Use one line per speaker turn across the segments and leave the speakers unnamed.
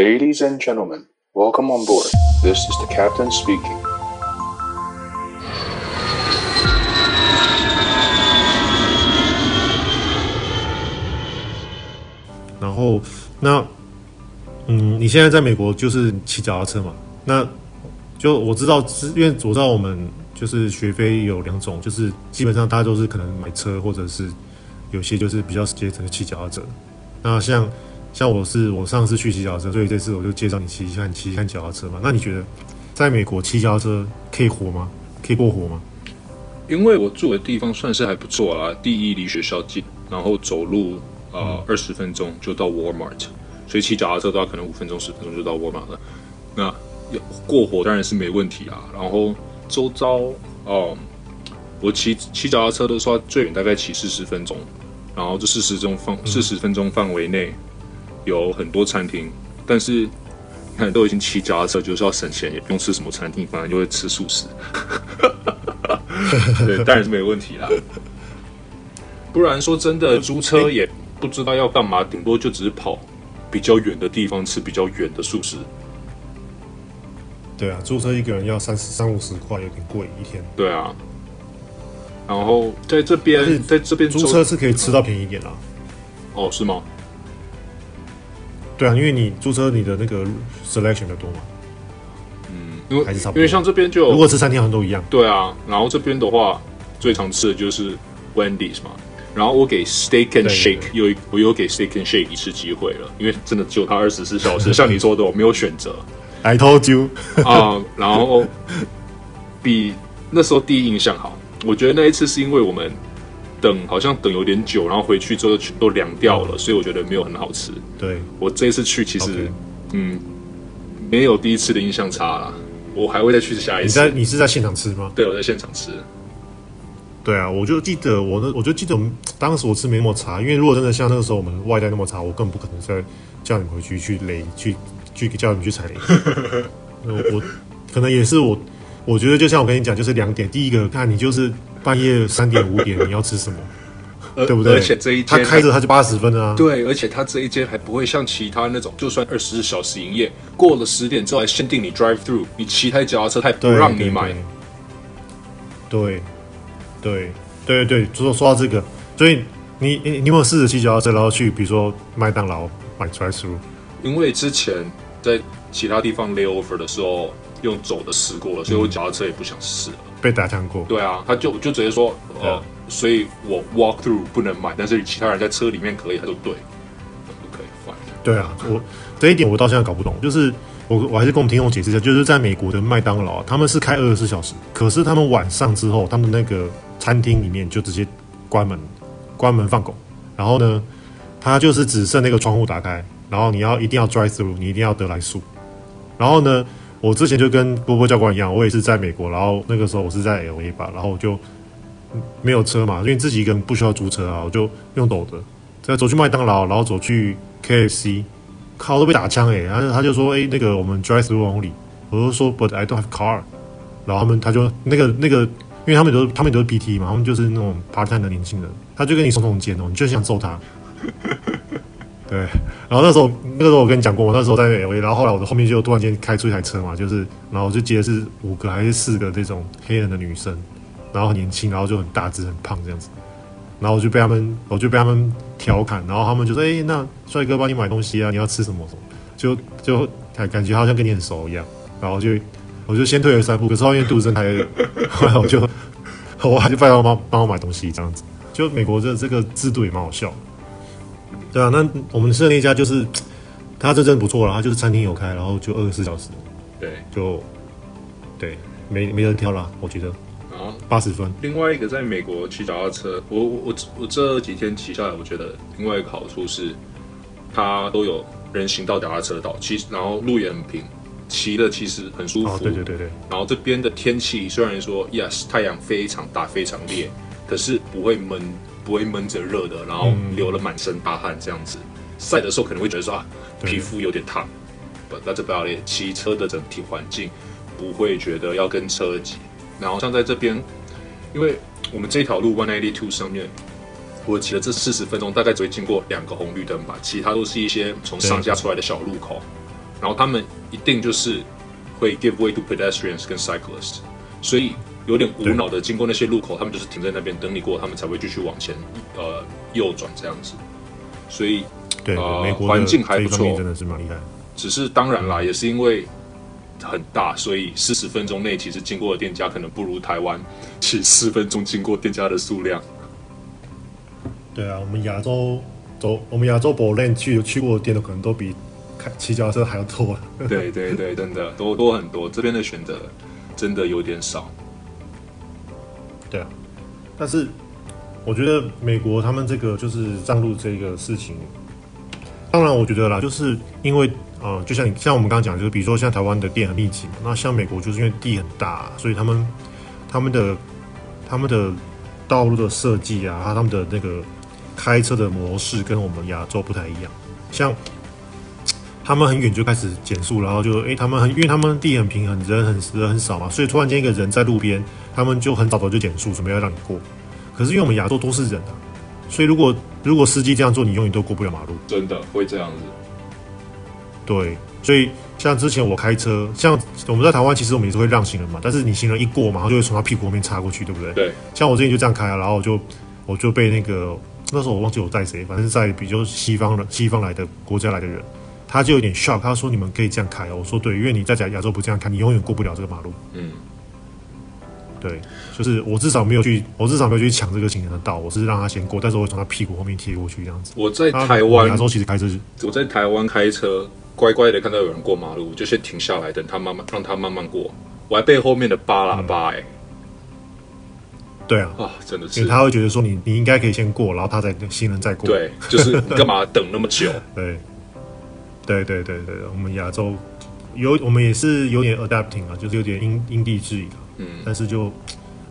Ladies
and gentlemen, welcome on board. This is the captain speaking. 然後那嗯，你現在在美國就是騎腳踏車嘛？那就我知道，因為我知道我們就是學飛有兩種，就是基本上大家都是可能買車，或者是有些就是比較直接的騎腳踏車。那像。像我是我上次去騎腳踏車，所以這次我就介紹你騎一下，你騎一下腳踏車嘛。那你覺得在美國騎腳踏車可以活嗎？可以過活嗎？
因為我住的地方算是還不錯啦，第一離學校近，然後走路呃二十、嗯、分鐘就到 Walmart，所以騎腳踏車的話，可能五分鐘十分鐘就到 Walmart 了。那過活當然是沒問題啦。然後周遭哦、呃，我騎騎腳踏車的時候，最遠大概騎四十分鐘，然後這四十鐘方四十分鐘範圍內。嗯有很多餐廳，但是你看都已經騎腳踏車，就是要省錢，也不用吃什麼餐廳，反正就會吃素食，當 然是沒問題啦。不然說真的，租車也不知道要幹嘛，頂多就只是跑比較遠的地方吃比較遠的素食。
對啊，租車一個人要三十三五十塊，有點貴一天。
對啊，然後在這邊是在這邊租車是可以吃到便宜一點的，啊嗯。哦，是嗎？
對啊，因為你租車你的那個 selection 的多嘛，嗯，因為還是
差不多，因為像這邊就如果吃餐廳好像都一樣，對啊，然後這邊的話最常吃的就是 Wendy's 嘛，然後我給 Steak and Shake 又我又給 Steak and Shake 一次機會了，因為真的只有他二十四小時， 像你說的我沒有選擇
，I told you 啊、嗯嗯，然
後比那時候第一印象好，我覺得那一次是因為我們。等好像等有點久，然後回去之後都涼掉了，哦、所以我覺得沒有很好吃。對，我這一次去其實，okay 嗯，沒有第一次的印象差了。我還會再去下一次。你在你是在現場吃嗎？對，我在現場吃。
對啊，我就記得我那，我就記得當時我吃沒那麼差，因為如果真的像那個時候我們外帶那麼差，我更不可能再叫你們回去去雷去去叫你們去踩雷。 我，我可能也是我。我覺得就像我跟你講，就是兩點。第一個，看你就是半夜三點五點你要吃什麼，
而對不對？而且這一間、啊、他開着他就八十分啊。對，而且他這一間還不會像其他那種，就算二十四小時營業，過了十點之後還限定你 drive through，你騎台腳踏車還不讓你買。
對，對，對，對對，對。說說到這個，所以你你，你有沒有試着騎腳踏車，然後去比如說麥當勞買 drive through？
因為之前在。其他地方 layover 的時候用走的試過了，所以我腳踏車也不想試
了。嗯。被打槍過。對啊，
他就就直接說，呃、啊、所以我 walk through 不能買，但是其他人在車裡面
可以。他說對，就不可以放。對啊，我這一點我到現在搞不懂，就是我我還是跟我們聽眾解釋一下，就是在美國的麥當勞，他們是開二十四小時，可是他們晚上之後，他們那個餐廳裡面就直接關門，關門放狗，然後呢，他就是只剩那個窗戶打開，然後你要一定要 drive through，你一定要得來速。然後呢，我之前就跟波波教官一樣，我也是在美國，然後那個時候我是在 LA 吧，然後我就沒有車嘛，因為自己一個人不需要租車啊，我就用抖的，再走去麥當勞，然後走去 KFC。靠，都被打槍哎、欸，然後他就說哎、欸、那個我們 drive through only，我就說 but I don't have car，然後他們他就那個那個，因為他們都他們都是 PT 嘛，他們就是那種 part time 的年輕人，他就跟你聳聳肩哦，你就是想揍他。 對，然後那時候，那個時候我跟你講過，我那時候在 LV，然後後來我的後面就突然間開出一台車嘛，就是，然後我就接的是五個還是四個這種黑人的女生，然後很年輕，然後就很大只很胖這樣子，然後我就被他們，我就被他們調侃，然後他們就說，哎、欸，那帥哥幫你買東西啊，你要吃什麼什麼？就就感覺好像跟你很熟一樣，然後就我就先退了三步，可是後面杜生還後來我就我還就拜托幫幫我買東西這樣子，就美國的這個制度也蠻好笑。對啊，那我們吃的那家就是，他這真的不錯啦，他就是餐廳有開，然後就二十四小時。對，就對，沒沒人挑啦，我覺得。然後八十分。
另外一個在美國騎腳踏車，我我我我這幾天騎下來，我覺得另外一個好處是，它都有人行道、腳踏車道，其實，然後路也很平，騎得其實很舒服。對對對對。然後這邊的天氣雖然說 yes 太陽非常大、非常烈，可是不會悶。不會悶着熱的，然後流了滿身大汗這樣子。曬、嗯、的時候可能會覺得說啊，皮膚有點燙對，But that's about it，騎車的整體環境不會覺得要跟車擠。然後像在這邊，因為我們這條路 One Eighty Two 上面，我騎了這四十分鐘，大概只會經過兩個紅綠燈吧，其他都是一些從上下出來的小路口。對然後他們一定就是會 give way to pedestrians 跟 cyclists，所以。有點無腦的經過那些路口，對他們就是停在那邊等你過，他們才會繼續往前，呃，右轉這樣子。所以，對，對、呃、美國環境還不錯，真的是蠻厲害。只是當然啦，嗯、也是因為很大，所以四十分鐘內其實經過的店家可能不如台灣，其實四分鐘經過店家的數量。
對啊，我們亞洲走，我們亞洲柏林去去過的店的可能都比騎腳踏車還要多，啊。
對對對，真的多多很多，這邊的選擇真的有點少。對啊，
但是我覺得美國他們這個就是道路這個事情，當然我覺得啦，就是因為呃，就像像我們剛剛講，就是比如說像台灣的店很密集，那像美國就是因為地很大，所以他們他們的他們的道路的設計啊，還有他，他們的那個開車的模式跟我們亞洲不太一樣，像。他們很遠就開始減速，然後就誒、欸，他們很，因為他們地很平，很人很人很少嘛，所以突然間一個人在路邊，他們就很早早就減速，準備要讓你過。可是因為我們亞洲都是人啊，所以如果如果司機這樣做，你永遠都過不了馬路，
真的會這樣子。
對，所以像之前我開車，像我們在台灣，其實我們也是會讓行人嘛，但是你行人一過嘛，就會從他屁股後面插過去，對不對？對。像我之前就這樣開、啊，然後我就我就被那個那時候我忘記我帶誰，反正在比較西方的西方來的國家來的人。他就有點 shock，他說：“你們可以這樣開、哦？”我說：“對，因為你在講亞洲不這樣開，你永遠過不了這個馬路。”嗯，對，就是我至少沒有去，我至少沒有去搶這個行人的道，我是讓他先過，但是我會從他屁股後面貼過去這樣子。我在台灣，亞洲其實開車、就
是，我在台灣開車，乖乖的看到有人過馬路，就先停下來等他慢慢讓他慢慢過，我還被後面的巴拉巴、欸。哎、嗯，
對啊，啊，真的是，因為他會覺得說你你應該可以先過，然後他再行人再過，對，就是你幹嘛
等那麼久？ 對。
對對對對，我們亞洲有我們也是有點 adapting 啊，就是有點因因地制宜的。嗯，但是就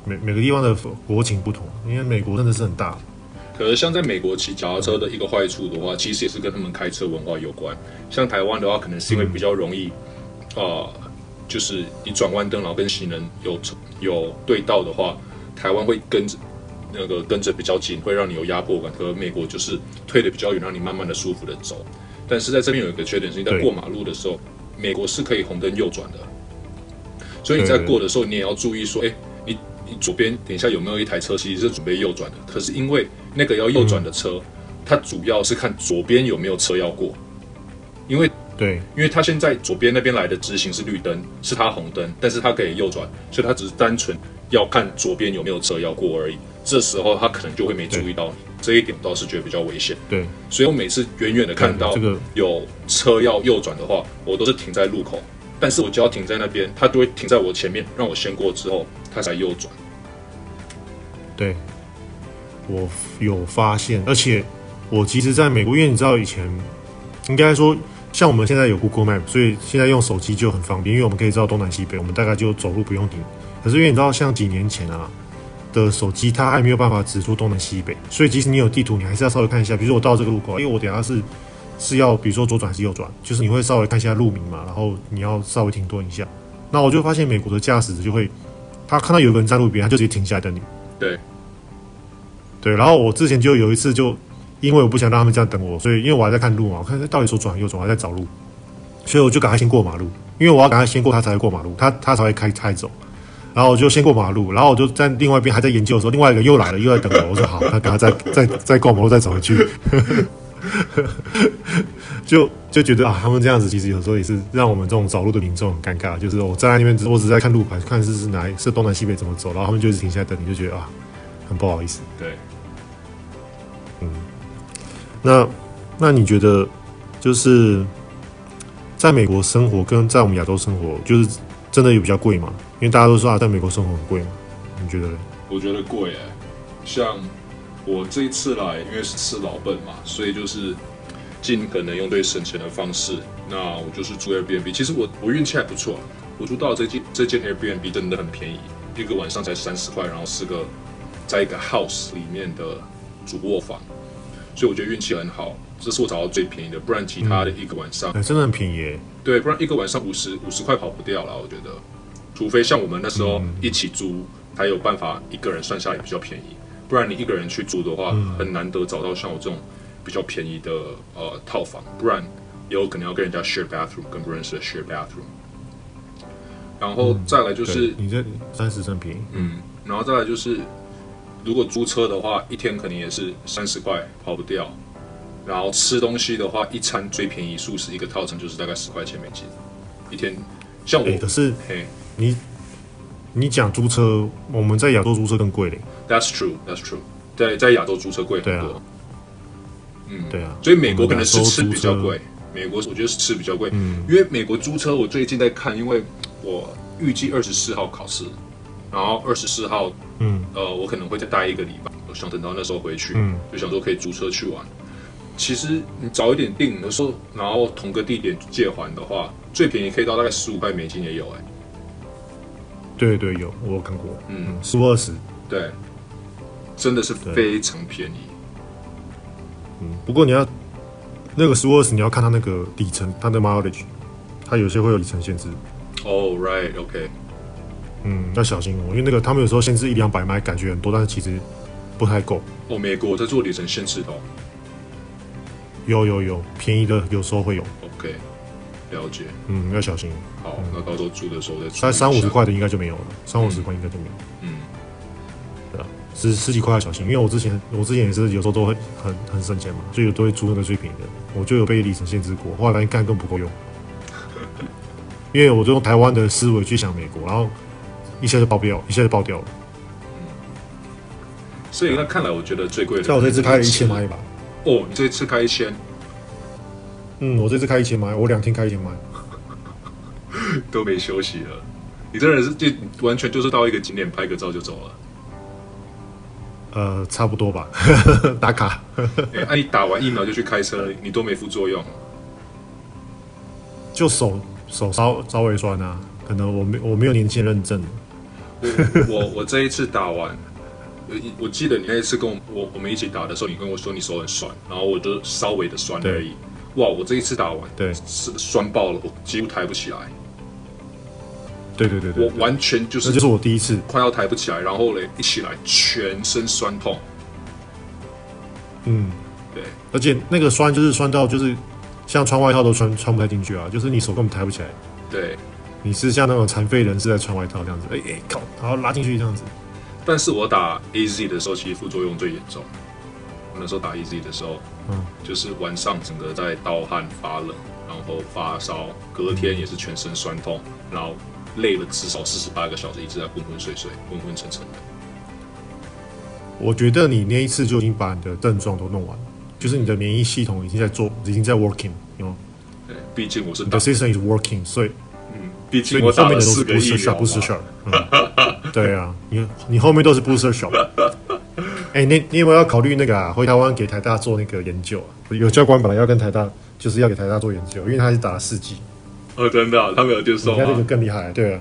每每個地方的國情不同，因為美國真的是很大。
可是像在美國騎腳踏車的一個壞處的話，其實也是跟他們開車文化有關。像台灣的話，可能因為比較容易，啊、嗯呃，就是你轉彎燈然後跟行人有有對道的話，台灣會跟着那個跟着比較緊，會讓你有壓迫感。可美國就是推得比較遠，讓你慢慢的舒服的走。但是在這邊有一個缺點，是你在過馬路的時候，對美國是可以紅燈右轉的，
所以你在過
的時候，對對對，你也要注意說，誒、欸，你你左邊等一下有沒有一台車其實是準備右轉的。可是因為那個要右轉的車，嗯、它主要是看左邊有沒有車要過，因為對，因為它現在左邊那邊來的直行是綠燈，是它紅燈，但是它可以右轉，所以它只是單純要看左邊有沒有車要過而已。這時候他可能就會沒注意到你對這一點，倒是覺得比較危險。對，所以我每次遠遠的看到有車要右轉的話，對我都是停在路口，但是我只要停在那邊，他就會停在我前面，讓我先過之後，他才右轉。
對，我有發現，而且我其實在美國，因為你知道以前應該說像我們現在有 Google Map，所以現在用手機就很方便，因為我們可以知道東南西北，我們大概就走路不用停。可是因為你知道，像幾年前啊。的手機它還沒有辦法指出東南西北，所以即使你有地圖，你還是要稍微看一下。比如說我到這個路口，因、欸、為我等下是是要比如說左轉還是右轉，就是你會稍微看一下路名嘛，然後你要稍微停頓一下。那我就發現美國的駕駛就會，他看到有個人站路邊，他就直接停下來等你。對，對。然後我之前就有一次就，就因為我不想讓他們這樣等我，所以因為我還在看路嘛，我看到底左轉右轉，我還在找路，所以我就趕快先過馬路，因為我要趕快先過，他才會過馬路，他他才會開開走。然後我就先過馬路，然後我就在另外一邊還在研究的時候，另外一個又來了，又在等我。我說好，那等他趕快再再再過馬路再走回去。 就就覺得啊，他們這樣子其實有時候也是讓我們這種走路的民眾很尷尬。就是我、哦、站在那邊我只在看路牌，看是是哪是東南西北怎麼走，然後他們就一直停下來等，你就覺得啊，很不好意思。對，嗯，那那你覺得就是在美國生活跟在我們亞洲生活就是？真的也比較貴嗎？因為大家都說道、啊、在美國生活很貴嘛，你覺得呢？
我覺得貴哎、欸，像我這一次來，因為是吃老本嘛，所以就是盡可能用最省錢的方式。那我就是住 Airbnb，其實我我運氣還不錯、啊，我住到這間這間 Airbnb 真的很便宜，一個晚上才三十塊，然後是個在一個 house 裡面的主臥房，所以我覺得運氣很好。這是我找到最便宜的，不然其他的一個晚上，嗯欸、真的很便宜。對，不然一個晚上五十五十塊跑不掉了，我覺得，除非像我們那時候一起租，嗯、才有辦法一個人算下來比較便宜。不然你一個人去租的話，嗯、很難得找到像我這種比較便宜的呃套房，不然也有可能要跟人家 share bathroom，跟不認識的 share bathroom。然後再來就是，嗯、
你這三十算
便宜。嗯，然後再來就是，如果租車的話，一天可能也是三十塊跑不掉。然後吃東西的話，一餐最便宜素食一個套餐就是大概十塊錢美金，一天。像我，嘿、欸，是欸、
你你講租車，我們在亞洲租車更貴嘞。
That's true, that's true。對，在在亞洲租車貴很多。嗯，對啊。嗯、對啊所以美國可能是吃比較貴。美國我覺得是吃比較貴，嗯、因為美國租車我最近在看，因為我預計二十四號考試，然後二十四號，嗯，呃，我可能會再待一個禮拜，我想等到那時候回去，嗯，就想說可以租車去玩。其實你早一點訂的時候，然後同個地點借還的話，最便宜可以到大概十五塊美金也有，哎，
對對有，我有看過，嗯，十五二十，
對，真的是非常便宜，
嗯，不過你要那個十五二十，你要看它那個里程，它的 mileage，它有些會有里程限制，
哦，oh, right，OK，okay，
嗯，要小心哦，因為那個他們有時候限制一兩百邁，感覺很多，但是其實不太夠，
哦，美國在做里程限制的哦。
有有有便宜的，有時候會有。OK，
了解。嗯，要小心。好，嗯、那到時候租的時候再租。大概三五十塊的應該就沒有了，嗯、三五十塊應該就沒有了。嗯，
對吧？十十幾塊要小心，因為我之前我之前也是有時候都會很很省錢嘛，就有都會租那個最便宜的，我就有被里程限制過，後來幹更不夠用。 因為我就用台灣的思維去想美國，然後一下就爆掉，一下就爆掉了。嗯、所
以那看來，我覺得最貴的、啊，像我這次拍了一千八一把。嗯哦，你這次開
一千？嗯，我這次開一千邁，我兩天開一千邁，
都沒休息了。你這人是就完全就是到一個景點拍個照就走了？
呃，差不多吧， 打卡。那
欸啊、你打完疫苗就去開車，你都沒副作用？
就手手稍稍微酸啊，可能我沒我沒有年輕人認證 我。
我我這一次打完。我記得你那一次跟我我我們一起打的時候，你跟我說你手很痠，然後我就稍微的痠而已。對。哇，我這一次打完，對，是痠爆了，我幾乎抬不起來。
對對對對，我
完全就是，那就是我第一次快要抬不起來，然後嘞一起來全身痠痛。
嗯，對，而且那個痠就是痠到就是像穿外套都穿穿不太進去啊，就是你手根本抬不起來。對，你是像那種殘廢人士在穿外套這樣子，
哎哎靠，然後拉進去這樣子。但是我打 A Z 的時候，其實副作用最嚴重。我那時候打 A Z 的時候，嗯，就是晚上整個在盜汗、發冷，然後發燒，隔天也是全身酸痛，嗯、然後累了至少四十八個小時，一直在昏昏睡睡、昏昏沉沉的。
我覺得你那一次就已經把你的症狀都弄完了，就是你的免疫系統已經在做，已經在 working，有 you know?
畢竟我是。the
system is working，所以，嗯，畢竟我上面的都西不是事兒，不是事兒。 嗯 對啊，你你後面都是 booster shot、 欸、你你有沒有要考慮那個、啊、回台灣給台大做那個研究啊？有教官本來要跟台大，就是要給台大做研究，因為他是打了四劑。
哦，真的、啊，他們有接受。你現在這個更
厲害，對啊，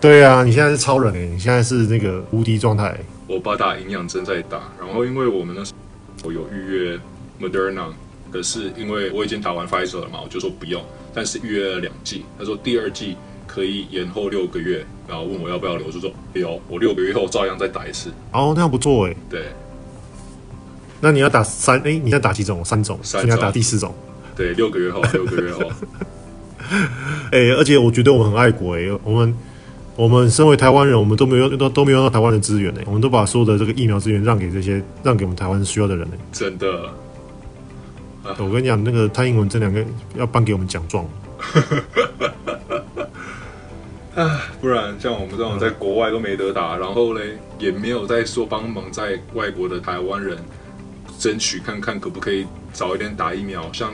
對啊，你現在是超人、欸、你現在是那個無敵狀態。
我把打營養針在打，然後因為我們呢，我有預約 Moderna，可是因為我已經打完 Pfizer 了嘛，我就說不用，但是預約了兩劑，他說第二劑可以延後六個月，然後問我要不要留住
這種，就哎呦，我六個月後照樣再
打一次。哦，那樣不錯哎、欸。
對，那你要打三哎、欸，你要打幾種？三種。三種你要打第四種？
對，六個月後， 六
個月後。哎、欸，而且我覺得我們很愛國哎、欸，我們我們身為台灣人，我們都沒有都都沒有用到台灣的資源哎、欸，我們都把所有的這個疫苗資源讓給這些讓給我們台灣需要的人哎、欸。真的，啊、我跟你講，那個蔡英文這兩個要頒給我們獎狀。
唉，不然像我們這種在國外都沒得打，嗯、然後嘞也沒有再說，幫忙在外國的台灣人爭取看看可不可以早一點打疫苗，像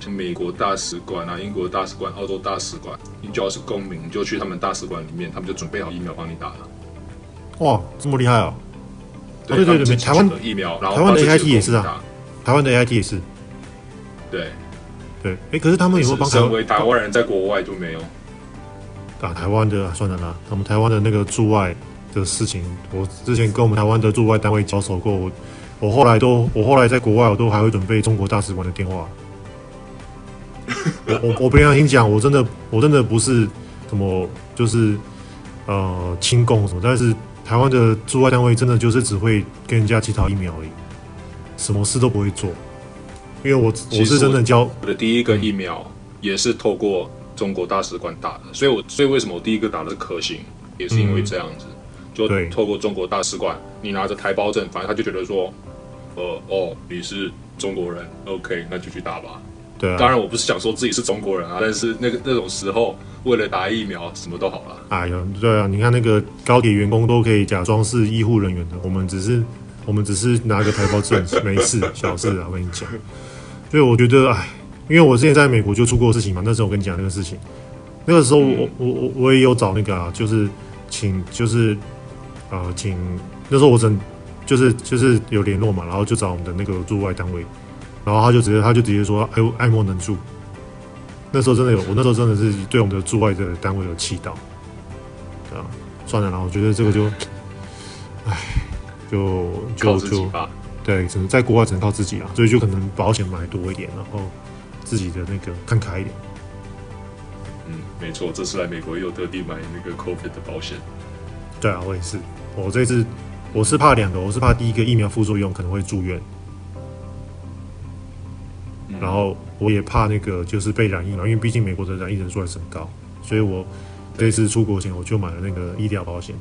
像美國大使館啊、英國大使館、澳洲大使館，你只要是公民就去他們大使館裡面，他們就準備好疫苗幫你打了。
哇，這麼厲害哦！對，啊、對
對對，台灣的疫苗，台灣的 AIT 也是
啊，台灣的 AIT 也是。對對，哎對、欸，可是他們也會幫
台灣人在國外就沒有。
打、啊、台灣的算了啦，我們台灣的那個駐外的事情，我之前跟我們台灣的駐外單位交手過，我我後來都，我後來在國外我都還會準備中國大使館的電話。 我我我平常聽講，我真的我真的不是什麼就是呃親共什麼，但是台灣的駐外單位真的就是只會跟人家乞討疫苗而已，什麼事都不會做。因為我其實 我是真的交
我的第一個疫苗也是透過。中國大使館打的，所以我所以為什麼我第一個打的是科興，也是因為這樣子。嗯、對，就透過中國大使館，你拿着台胞證，反正他就覺得說，呃、哦，你是中國人，OK 那就去打吧。
對啊，當然我
不是想說自己是中國人啊，但是那個那種時候，為了打疫苗什麼都好了。
哎呀，對啊，你看那個高鐵員工都可以假裝是醫護人員的，我們只是我們只是拿個台胞證， 沒事小事啊，我跟你講。所以我覺得，哎。因為我之前在美國就出過事情嘛。那時候我跟你講那個事情，那個時候我、嗯、我我我也有找那個、啊，就是請就是啊、呃、請那時候我整就是就是有聯絡嘛，然後就找我們的那個駐外單位，然後他就直接他就直接說愛愛莫能助。
那時候真的有我那時候真的
是對我們的駐外的單位有氣到。對、啊、算了啦，我覺得這個就， 唉，就就就對，只能在國外只能靠自己啊。所以就可能保險買多一點，然後。自己的那個看開一點，嗯，
沒錯，這次來美國又特地買那個 COVID 的保險。
對啊，我也是。我這次我是怕兩個，我是怕第一個疫苗副作用可能會住院，嗯、然後我也怕那個就是被染疫了，因為畢竟美國的染疫人數還是很高，所以我這次出國前我就買了那個醫療保險，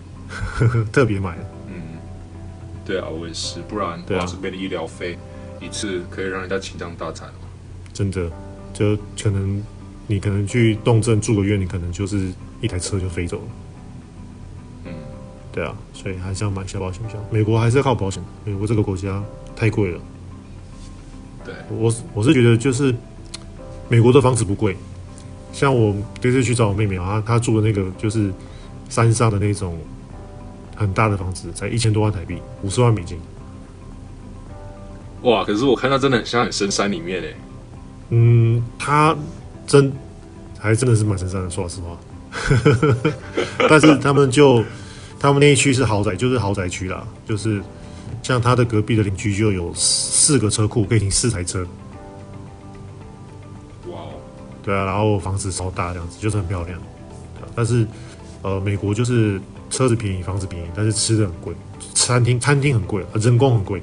特別買的。嗯，
對啊，我也是，不然對、啊、是被的醫療費一次可以讓人家傾家蕩產。
真的，就可能你可能去重症住個院，你可能就是一台車就飛走了。嗯，對啊，所以還是要買一下保險。箱。美國還是要靠保險，美國這個國家太貴了。對，我我是覺得就是美國的房子不貴，像我這次去找我妹妹，啊她，她住的那個就是山上的那種很大的房子，才一千多萬台幣，五十萬美金。
哇，可是我看到真的很像很深山裡面誒。
嗯，他真還真的是蠻身上的，說實話。
但是他們就
他們那一區是豪宅，就是豪宅區啦，就是像他的隔壁的鄰居就有四個車庫可以停四台車。
哇哦！
對啊，然後房子超大，這樣子就是很漂亮。但是呃，美國就是車子便宜，房子便宜，但是吃的很貴，餐廳餐廳很貴，人工很貴。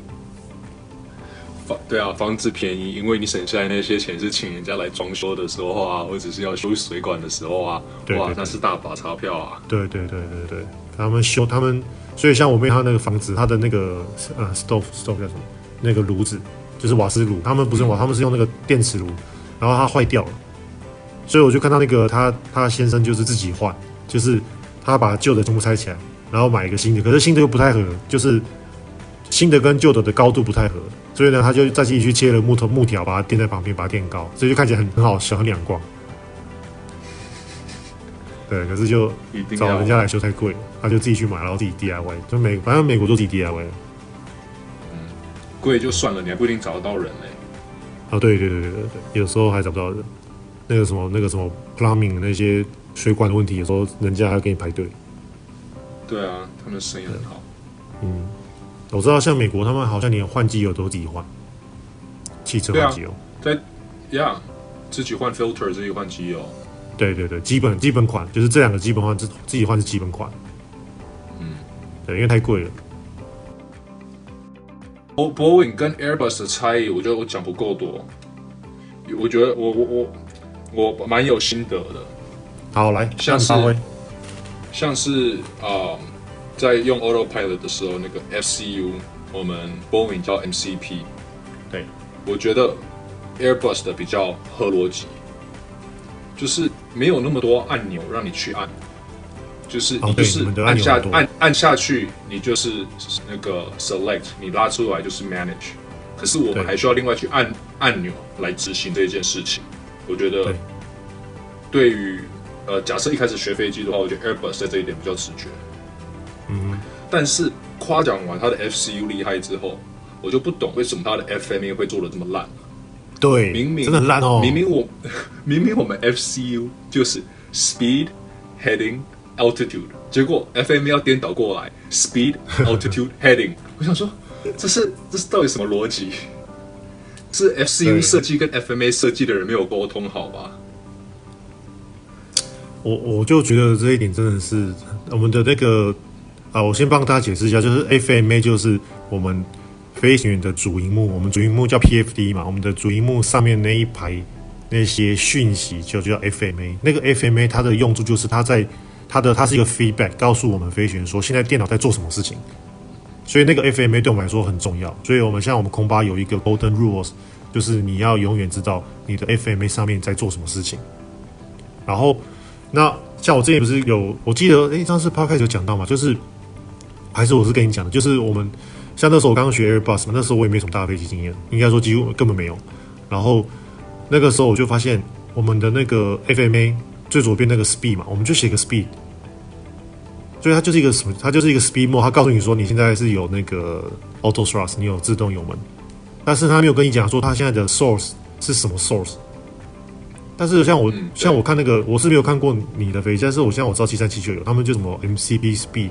對啊，房子便宜，因為你省下來那些錢是請人家來裝修的時候啊，或者是要修水管的時候啊，對對對哇，那是大把鈔票啊！
對，對對對對對，他們修他們，所以像我妹她那個房子，她的那個呃、啊、stove stove 叫什麼？那個爐子就是瓦斯爐，他們不是瓦，嗯、他們是用那個電磁爐，然後它壞掉了，所以我就看到那個他他先生就是自己換，就是他把舊的全部拆起來，然後買一個新的，可是新的又不太合，就是新的跟舊的的高度不太合。所以呢，他就再繼續去切了木頭木條，把它墊在旁邊，把它墊高，所以就看起來很好很好笑，很兩光。 對，可是就找人家來修太貴了，他就自己去買，然後自己 DIY。就美，反正美國都自己 DIY。嗯，貴
就算了，你還不一定找得到人
嘞。啊、哦，對對對對對對，有時候還找不到人。那個什麼那個什麼 plumbing 那些水管的問題，有時候人家還要給你排隊。
對啊，他們生意很好。嗯。
我知道，像美國他們好像連換機油都自己換，汽車換機油？
對啊，yeah, 自己換 filter，自己換機油。
對對對，基本基本款就是這兩個基本換自自己換是基本款。嗯，對，因為太貴了。
Oh, Boeing 跟 Airbus 的差異，我覺得我講不夠多。我覺得我我我我蠻有心得的。好，來，下一位，像是阿威，像是啊。呃在用 Autopilot 的時候，那個 FCU，我們 Boeing 叫 MCP。對，我覺得 Airbus 的比較合邏輯，就是沒有那麼多按鈕讓你去按，就是你就是按下、哦、按按，按下去，你就是那個 Select，你拉出來就是 Manage。可是我們還需要另外去按按鈕來執行這一件事情。我覺得對於呃，假設一開始學飛機的話，我覺得 Airbus 在這一點比較直覺。但是誇獎完他的 FCU 厲害之後，我就不懂為什麼他的 FMA 會做得這麼爛。對，明明真的很爛哦。明明我，明明我們 FCU 就是 speed, heading, altitude，結果 FMA 要顛倒過來，speed, altitude, heading。我想說，這是這是到底什麼邏輯？是 FCU 設計跟 FMA 設計的人沒有溝通好吧？
我我就覺得這一點真的是我們的那個。啊，我先幫大家解釋一下，就是 FMA 就是我們飛行員的主螢幕，我們主螢幕叫 PFD 嘛，我們的主螢幕上面那一排那些訊息就，就叫 FMA，那個 FMA 它的用處就是它在它的它是一個 feedback 告訴我們飛行員說現在電腦在做什麼事情，所以那個 FMA 對我們來說很重要，所以我們像我們空巴有一個 Golden Rules，就是你要永遠知道你的 FMA 上面在做什麼事情，然後那像我之前不是有我記得誒，上次 Podcast 有講到嘛，就是。還是我是跟你講的，就是我們像那時候我剛剛學 Airbus 嘛，那時候我也沒什麼大的飛機經驗，應該說幾乎根本沒有。然後那個時候我就發現，我們的那個 FMA 最左邊那個 Speed 嘛，我們就寫個 Speed，所以它就是一個什麼？它就是一個 Speed Mode，它告訴你說你現在是有那個 Auto Thrust，你有自動油門，但是它沒有跟你講說它現在的 Source 是什麼 Source。但是像我像我看那個，我是沒有看過你的飛機，但是我現在我知道七三七就有，他們就什麼 MCB Speed。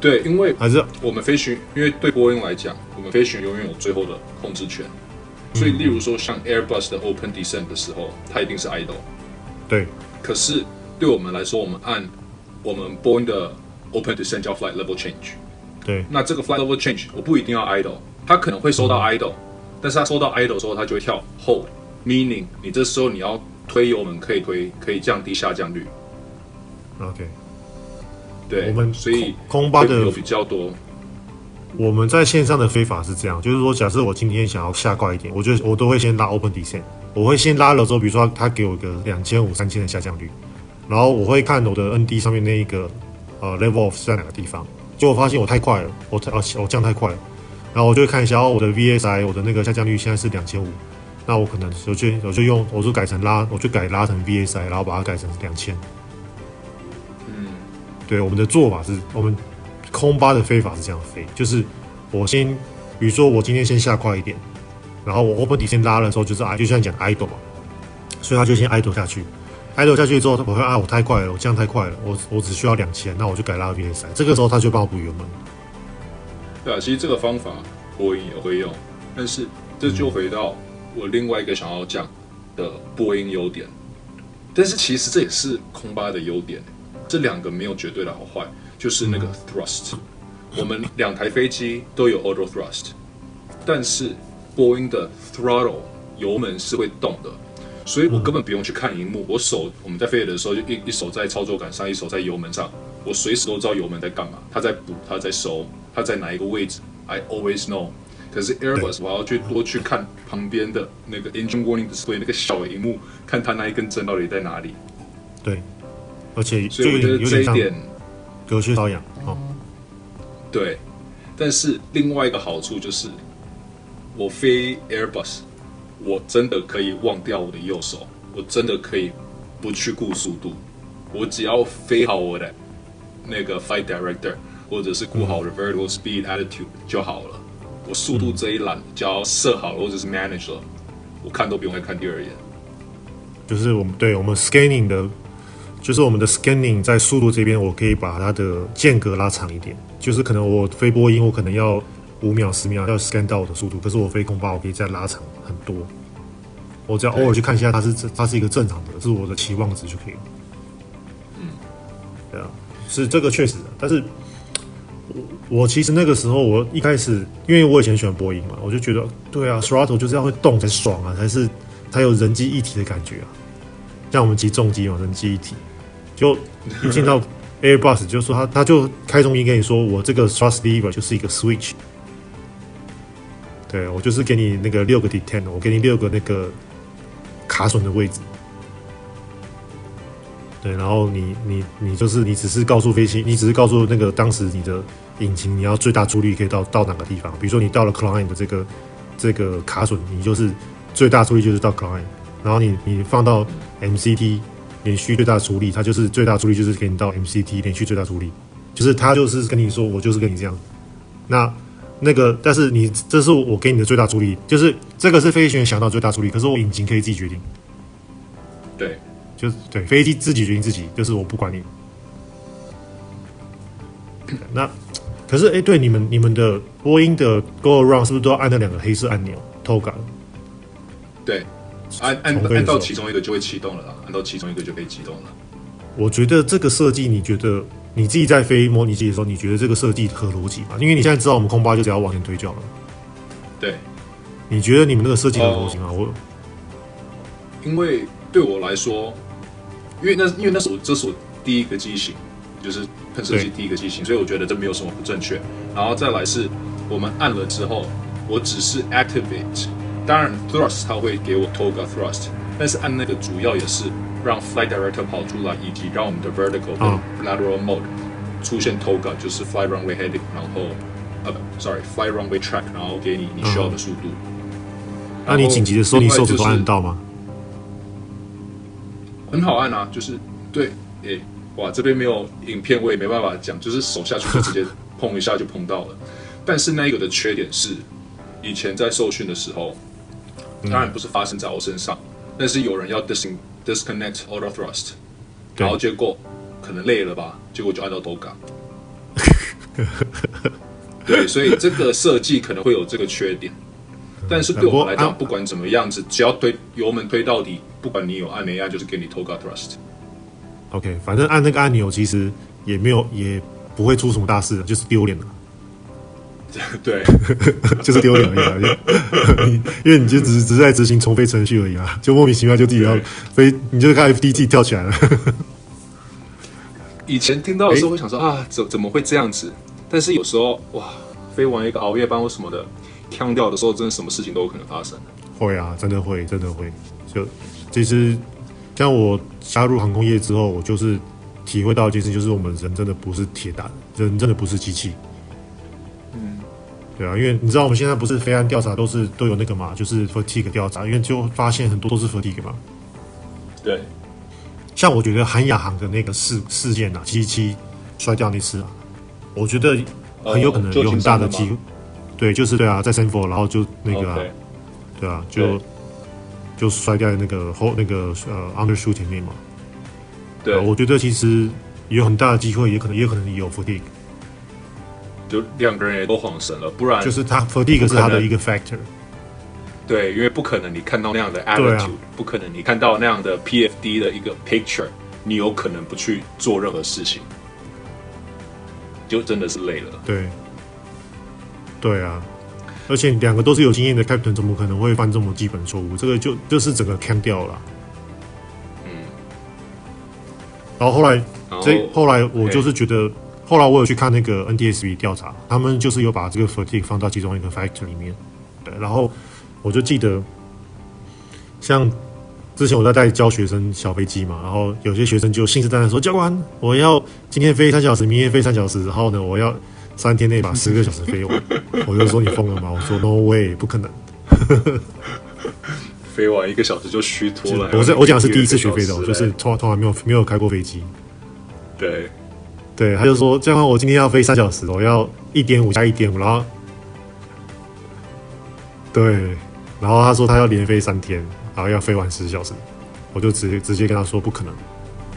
對，因為還是我們飛行，因為對波音來講，我們飛行永遠有最後的控制權。嗯、所以，例如說像 Airbus 的 Open Descent 的時候，它一定是 Idle。對。可是對我們來說，我們按我們波音的 Open Descent 叫 Flight Level Change。對。那這個 Flight Level Change 我不一定要 Idle，它可能會收到 Idle、嗯、但是它收到 Idle 時候，它就會跳 Hold，meaning 你這時候你要推油我們可以推，可以降低下降率。OK。對我們所以空巴的比較
多。我們在線上的飛法是這樣，就是說，假設我今天想要下快一點，我就，我都會先拉 open descent，我會先拉了之後，比如說他給我一個兩千五、三千的下降率，然後我會看我的 N D 上面那一個呃 level off 在哪個地方，結果我發現我太快了，我太我降太快了，然後我就會看一下，我的 V S I 我的那個下降率現在是兩千五，那我可能我就我就用我就改成拉，我就改拉成 V S I，然後把它改成兩千。對我們的做法是，我們空巴的飛法是這樣飛，就是我先，比如說我今天先下快一點，然後我 open 底線拉了之後，就是就像講 idle 嘛，所以他就先 i idle 下去，i idle 下去之後，他會啊，我太快了，我這樣太快了，我我只需要兩千，那我就改拉個 V 三，這個時候他就幫我補油門了。
對啊，其實這個方法波音也會用，但是這就回到我另外一個想要講的波音優點，嗯、但是其實這也是空巴的優點。這兩個沒有絕對的好壞，就是那個 thrust。嗯、我們兩台飛機都有 auto thrust，但是 Boeing 的 throttle 油門是會動的，所以我根本不用去看熒幕。嗯、我手我們在飛的時候就一一手在操作桿上，一手在油門上，我隨時都知道油門在幹嘛，它在補，它在收，它在哪一個位置，I always know。可是 Airbus 對我要去、嗯、多去看旁邊的那個 engine warning display 那個小的熒幕，看它那一根針到底在哪裡。
對。而且，所以我覺得這一點狗血到癢啊。哦、
對，但是另外一個好處就是，我飛 Airbus，我真的可以忘掉我的右手，我真的可以不去顧速度，我只要飛好我的那個 Flight Director，或者是顧好我的 Vertical Speed Attitude 就好了。嗯、我速度這一欄只要設好了，或者是 Manager，、嗯、我看都不用再看第二眼。
就是我們對我們 Scanning 的。就是我們的 scanning 在速度這邊，我可以把它的間隔拉長一點。就是可能我飛波音，我可能要五秒、十秒要 scan 到我的速度，可是我飛空巴，我可以再拉長很多。我只要偶爾對、哦、去看一下，它是它是一個正常的，這是我的期望值就可以了。對啊、嗯，是這個確實的。但是我，我我其實那個時候我一開始，因為我以前喜歡波音嘛，我就覺得對啊，throttle 就是要會動才爽啊，才是才有人機一體的感覺啊。像我們集重機，反正記憶體，就一進到 Airbus，就說他他就開中音跟你說：“我這個 Thrust Lever 就是一個 Switch，對，我就是給你那個六個 Detent，我給你六個那個卡榫的位置。對，然後你你你就是你只是告訴飛行，你只是告訴那個當時你的引擎你要最大出力可以到到哪個地方。比如說你到了 Climb 的這個這個卡榫，你就是最大出力就是到 Climb。然後你你放到 MCT 連續最大推力，它就是最大推力，就是給你到 MCT 連續最大推力，就是他就是跟你說，我就是跟你這樣。那那個，但是你這是我給你的最大推力，就是這個是飛行員想到最大推力，可是我引擎可以自己決定。對，就
是
對，飛機自己決定自己，就是我不管你。 那可是哎、欸，對你們你們的波音的 Go Around 是不是都要按那兩個黑色按鈕 TOGA 對。
按按按到其中一個就會啟動了啦，按到其中一個就可以啟動了。
我覺得這個設計，你覺得你自己在飛模擬機的時候，你覺得這個設計合邏輯嗎？因為你現在知道我們空巴就只要往前推就好了。對。你覺得你們那個設計合邏輯嗎？我、呃。
因為對我來說，因為那因為那是我這是我第一個機型，就是噴射機第一個機型，對所以我覺得這沒有什麼不正確。然後再來是我們按了之後，我只是 activate。當然，thrust 它會給我 Toga thrust，但是按那個主要也是讓 flight director 跑出來，以及讓我們的 vertical、嗯、和 lateral mode 出現 Toga 就是 fly runway heading，然後啊不，sorry，fly runway track，然後給你你需要的速度。嗯、後那你緊急的時候你手指都能到嗎、就是？很好按啊，就是對，誒，哇，這邊沒有影片，我也沒辦法講，就是手下去就直接碰一下就碰到了。 但是那個的缺點是，以前在受訓的時候。嗯、當然不是發生在我身上，但是有人要 dis disconnect auto thrust，對然後結果可能累了吧，結果就按到 toga 對，所以這個設計可能會有這個缺點，但是對我們來講，嗯、不管怎麼樣子，只要推油門推到底，不管你有按沒按，就是給你 toga thrust。
Th OK，反正按那個按鈕其實也沒有，也不會出什麼大事，就是丟臉了。對， 就是丟臉而已。已， 因為你就只是、嗯、只是在執行重飛程序而已嘛、啊，就莫名其妙就自己要飛，對你就看 F D T 跳起來了。
以前聽到的時候會想說、欸、啊，怎怎麼會這樣子？但是有時候哇，飛完一個熬夜班或什麼的，跳掉的時候，真的什麼事情都有可能發生。
會啊，真的會，真的會。就其實像我加入航空業之後，我就是體會到的一件事，就是我們人真的不是鐵打的，人真的不是機器。對啊，因為你知道我們現在不是飛安調查都是都有那個嘛，就是 f a t i g u e 調查，因為就發現很多都是 f a t i g u e 嘛。
對，
像我覺得韓亞航的那個事事件啊，七七摔掉那次、啊，我覺得很有可能有很大的機會，啊哦、的對，就是對啊，在 s i n g o r 然後就那個、啊，Okay. 對啊，就對就摔掉那個後那個呃 undershoot i n g 裡嘛。對、啊，我覺得其實有很大的機會，可也有可能也可能有 f i g u e
就兩個人也都慌神了，不然就是他，f o o t 是他的一個 factor。對，因為不可能你看到那樣的 attitude，、啊、不可能你看到那樣的 PFD 的一個 picture，你有可能不去做任何事情，就真
的是累了。對。對啊，而且兩個都是有經驗的 captain，怎麼可能會犯這麼基本錯誤？這個就就是整個 c a n 掉了。嗯。然後後來，後這後來我就是覺得。後來我有去看那個 NTSB 調查，他們就是有把這個 fatigue 放到其中一個 factor 裡面，對。然後我就記得，像之前我在帶教學生小飛機嘛，然後有些學生就信誓旦旦說教官，我要今天飛三小時，明天飛三小時，然後呢，我要三天內把十個小時飛完。 我就說你瘋了嗎？我說 no way 不可能，
飛完一個小時就虛脫了。我這，我講是第一次學飛的，欸、我就是
通從,從來沒有沒有開過飛機，
對。
對，他就說，這樣我今天要飛三小時，我要一點五加一點五，然後對，然後他說他要連飛三天，然後要飛完十小時，我就直接直接跟他說不可能，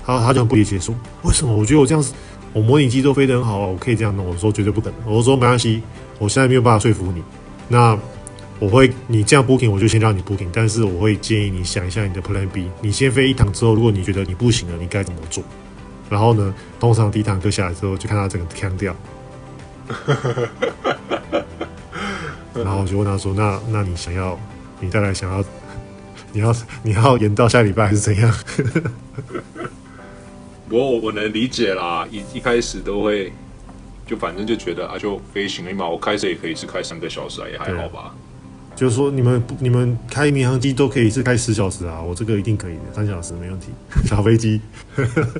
他他就很不理解說，說為什麼？我覺得我這樣我模擬機都飛得很好啊，我可以這樣弄。我說絕對不可能，我說沒關係，我現在沒有辦法說服你，那我會你這樣 booking，我就先讓你 booking，但是我會建議你想一下你的 plan B，你先飛一趟之後，如果你覺得你不行了，你該怎麼做？然後呢，通常第一堂課下來之後，就看他整個腔調。 然後我就問他說：“那那你想要，你再來想要，你要你要延到下禮拜還是怎樣？”
我我能理解啦，一一開始都會，就反正就覺得啊，就飛行嘛，我開車也可以是開三個小時啊，也還好吧。
就是說你們你們開民航機都可以是開十小時啊，我這個一定可以的，三小時沒問題，小飛機。